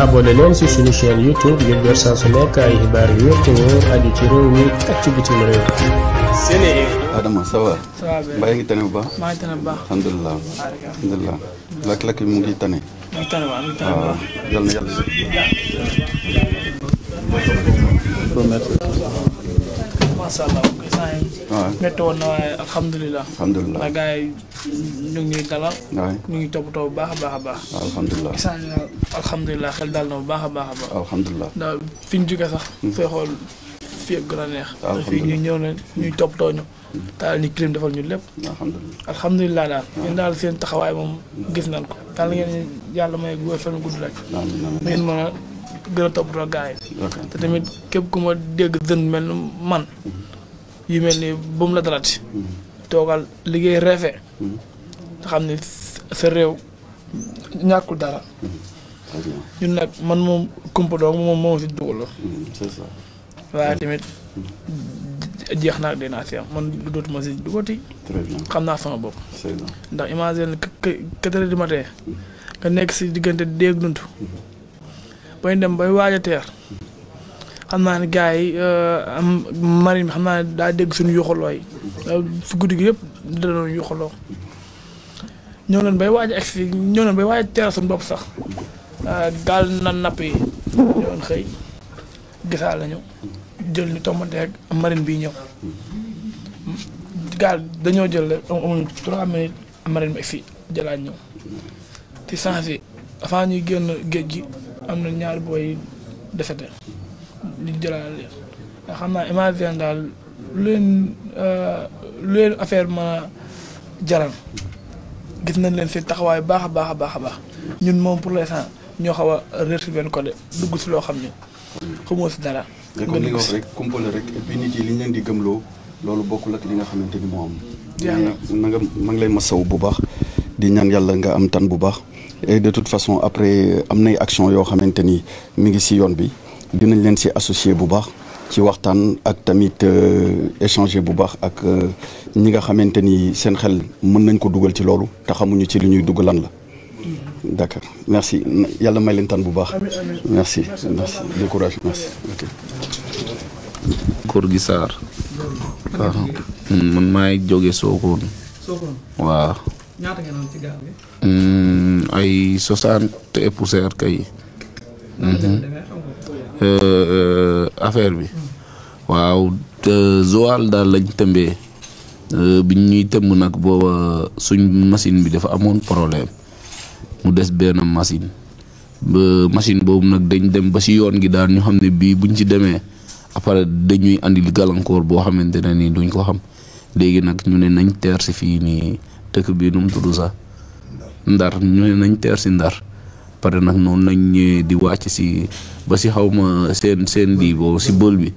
abonné leen ci YouTube ngir jot saa ay xibaar yu wér te wóor ci réew mi ak ci bitim Adama ça va. ngi tane bu baax. maa ngi tane bu baax. alhamdulilah alhamdulilah. lakk-lakk bi mu ngi tane. mu ngi tane waaw mu ngi tane waaw. yal na yàlla. macha allah ah. waaw métti woon na waaye alhamdulilah. alhamdulilah ndax gars yi ñu ngi dalal. waay ñu ngi toppatoo bu baax a baax a baax. alhamdulilah gis naa ne alhamdulilah xel daal bu baax a baax a baax. alhamdulilah ndax fi ñu jógee sax. Hmm. fee xool fii ak gën a neex. ñu ñëw na ñuy toppatoo ñu. Hmm. taal ni clim defal ñu lépp. alhamdulilah alhamdulilah daal. Ah. yéen daal seen taxawaay moom gis nañ ko. daal ngeen yàlla may góor fan gudd rek. amiin amiin gën a toppatoo gars yi. te tamit képp ku ma dégg dën mel ni man. Mhm. yu mel ni bu la dalati. Mhm. toogal liggéey reefe. Mhm. te xam ni sa réew ñàkkul dara. ñun nag man moom kumpa doog moom moo ma si dugal. waaye tamit jeex naa ak dinaa si am man dootuma si dugati. très bien xam naa sama bopp. ndax imagine quatre heures du matin nga nekk si diggante déeg duntu. bay dem bay waaj teer xam naa ne gaa yi euh, am bi xam naa ne daa dégg suñu yoxaloo yi su euh, guddi gi yëpp da doon ñëw nañ bay waaj a egsi ñëw nañ bay waaj a teer suñu bopp sax euh, gaal na napp yi ñëwoon xëy gisaa la ñëw gaal dañoo jël rek amuñu trois minutes marine bi egsi jëlaat ñëw te changé avant ñuy génn géej gi am na ñaari booy desete li jëlaat leen nga xam naa imagine daal lu leen euh, lu leen affaire mën a gis nañ leen si taxawaay baax a baax a baax a baax ñun moom pour l'instant ñoo xaw a réer si benn côté dugg si loo xam ne xamoo si dara. nga li nga wax rek kumpale rek et leen di gëmloo loolu bokkul li nga xamante ni moo am. na nga ma ngi bu baax di ñaan yàlla nga am tan bu baax. et de toute façon après am nay action yoo xamante ni mi ngi si yoon bi dinañ leen si associé bu baax ci waxtaan ak tamit euh, échanger bu baax ak euh, ñi nga xamante ni seen xel mën nañ ko dugal ci loolu te xamuñu ci lu ñuy dugg lan la d'accord merci yàlla may leen tan bu baax merci merci de courage merci ok Gorgui Sarr hmm, waaw man waaw ay soixante et kay. Mhm. Euh, euh, affaire bi. waaw Joal daal lañ tëmbee euh, bi ñuy tëmb nag booba suñ machine bi dafa amoon problème mu des benn machine ba machine boobu nag dañ dem ba si yoon gi daal ñu xam ne bii buñ ci demee après dañuy andil gàllankoor boo xamante ne nii duñ ko xam léegi nag ñu ne nañ teer si fii nii dëkk bii nu mu tudd sax. ndar ñu nañ teer si ndar pare nag noonu lañ ñëwee di wàcc si ba si xaw ma seen seen lii boobu si bël bi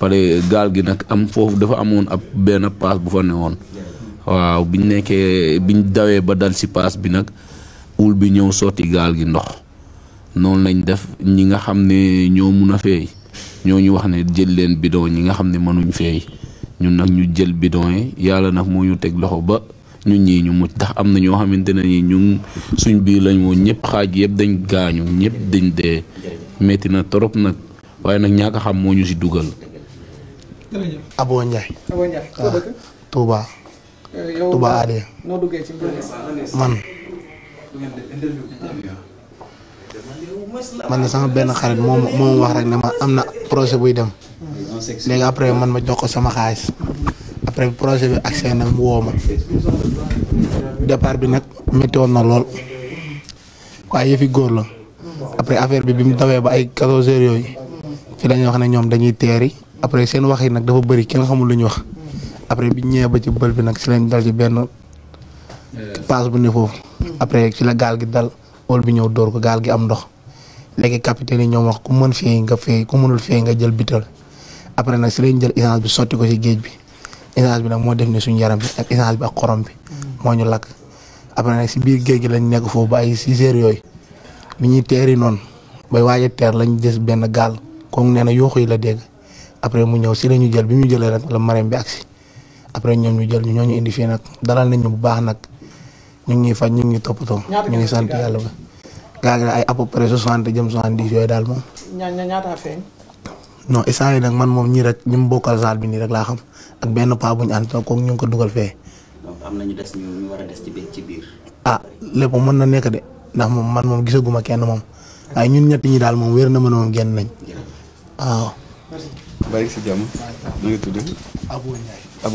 pare gaal gi nag am foofu dafa amoon ab benn paas bu fa newoon waaw ñu nekkee biñ dawee ba dal si paas bi nag ul bi ñëw sotti gaal gi ndox noonu lañ def ñi nga xam ne ñoo mun a feey ñoo ñu wax ne jël leen bidon ñi nga xam ne mënuñ feey ñun nag ñu jël bidon yi yàlla nag moo ñu teg loxo ba ñu ñii ñu mucc tax am na ñoo xamante ne nii ñu suñ biir lañ woon ñëpp xaaj yëpp dañ gaañu ñëpp dañ dee metti na torop nag waaye nag ñaaka xam moo ñu si dugal. jërëjëf Abo Ndiaye. Abo Ndiaye ah, eh, man. man na sama benn xarit moom moom wax rek ne ma am na projet buy dem. Hmm. léegi après man ma jox ko sama xaalis. Hmm. après projet bi accès nag mu woo ma départ bi nag métti woon na lool waaye yëfi góor la après affaire bi bi mu dawee ba ay 14 heures yooyu fi lañuy wax ne ñoom dañuy teeri après seen wax yi nag dafa bëri kenn xamul lu ñu wax après bi ñëwee ba ci bël bi nag si lañ dal ci benn paas bu ne foofu après ci la gaal gi dal wol bi ñëw dóor ko gaal gi am ndox léegi capitaine yi ñoom wax ku mën feey nga feey ku mënul feey nga jël bital après nag si lañ jël bi sotti ko ci géej bi essence bi nag moo def ni suñu yaram bi ak essence bi ak xorom bi moo ñu lakk après nag si biir géej gi lañ nekk foofu ba ay six heures yooyu bi ñuy teeri noonu ba waaje teer lañ des benn gaal ko nee na yooxu yi la dégg après mu ñëw si la ñu jël bi ñu jëlee rek la marine bi agsi après ñoom ñu jël ñoo ñu indi fii nag dalal nañ ñu bu baax nag ñu ngi ñuy faj ñu ngi ñuy toppatoo ñu ngi sant yàlla ba gaa gi ay à peu près soixante jëm soixante-dix yooyu daal non instant yi nag man moom ñii rek ñi mu saal bi nii rek laa xam ak benn paa bu ñu ànd ko ñu ngi ko dugal fee. na ñu des des ci biir ci biir. ah lépp mën na nekk de ndax moom man moom gisaguma kenn moom waaye ñun ñett ñi daal moom wér na ma ne moom génn nañ waaw. Mbaye si jàmm. na nga tudd. Abo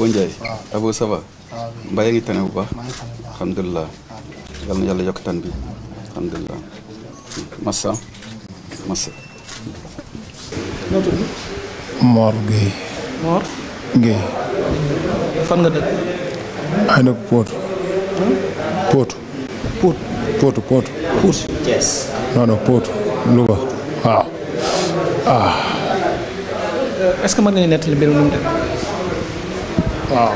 Ndiaye. Abo Ndiaye. yokk tan bi alhamdulilah. Massa Massa. noo tudd. Mor Guèye. Mor. Guèye. fan nga dëkk. ay nag Potou. Hmm? Potou. Pout. Potou Potou. Pout. Thiès. waaw ah. est-ce que man nga nettali mbir mi nu waaw.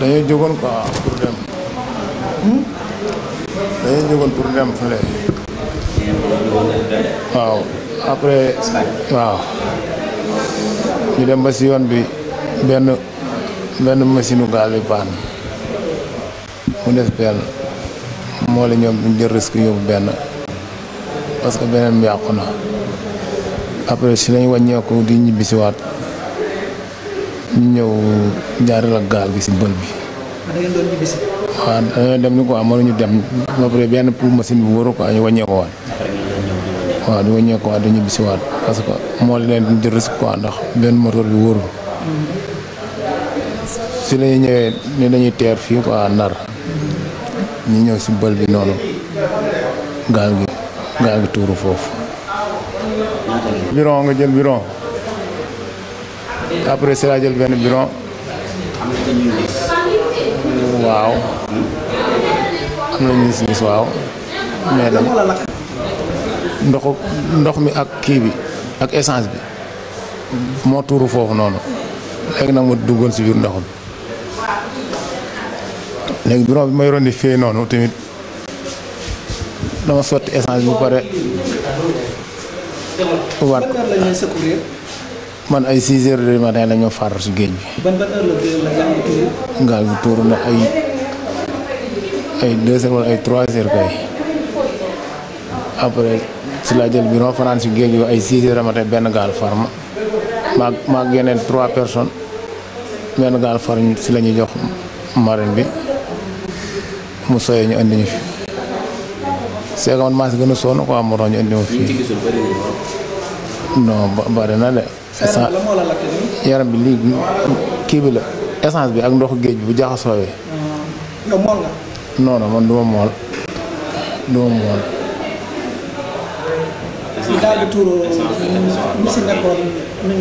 dañoo jógoon quoi pour dem. Hmm? dañoo jógoon pour dem fële. waaw après waaw ñu dem ba si yoon bi benn benn machine gaal bi baax mu des benn moo la ñoom ñu jël yóbbu benn parce que beneen bi yàqu na après si lañ wàññeeku di ñibbisiwaat ñu ñëw jaareel ak gaal gi ci bël bi. da ngeen doon ñibbisi. waaw da ngeen dem dem ba benn pour machine bu wóorul quoi ñu wàññeeku waat. waaw ñu wàññeeku waat dañu ñibbisi waat parce que moo leen di risque quoi ndax benn moteur bi wóorul. si la ñëwee ni dañuy teer fii quoi nar. ñu ñëw si bël bi noonu gaal gi gaal gi tuuru foofu. biron nga jël biron après si laa jël benn biron. waaw am na ñis ñis waaw mais dañ ndoxu ndox mi ak kii bi ak essence bi moo tuuru foofu noonu léegi nag mu duggoon si biir ndox mi léegi buron bi may rondi fee noonu tamit dama sotti essence bu pare waat man ay 6 heures du matin la ñu far si géej bi. la gaal gi tuuru. gaal gi na ay ay 2 heures wala ay 3 heures kay après si laa jël bi ma fanaan si géej bi ay 6 heures matin benn gaal far ma maa maa yeneen 3 personnes benn gaal far si la jox marine bi mu soyee ñu andi ñu fi. c'est que man maa si gën a sonn ñu andi ma fi. non bari de. essence yaram bi lii kii bi la essence bi ak ndoxu géej bu jaxasoowee. Ah. yow mool nga. non non li si nekkoon yi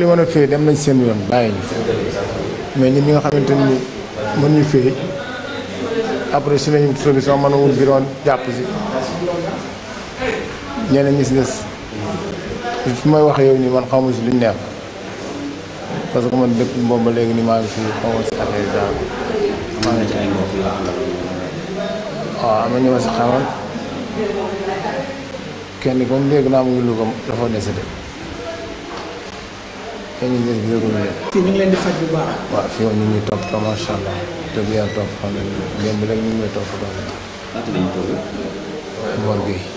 mën a féey dem nañ seen yoon bàyyi ñu mais ñun ñi nga xamante ni mënuñu féey après si lañu solution mën a wut bi doon jàpp si. ñeneen ñi si des fi may wax yow nii man xaw ma si luñ nekk parce que man dëkk boobu léegi ni maa ngi si xaw ma si affaire daal. kenn kon léegi naa mu ngi Louga dafa décédé. kenn ñu des gisagul leen. fii ñu ngi leen di ngi topp trop macha te bu yaa topp xam ne démb rek ñu ngi may topp trop. waaw.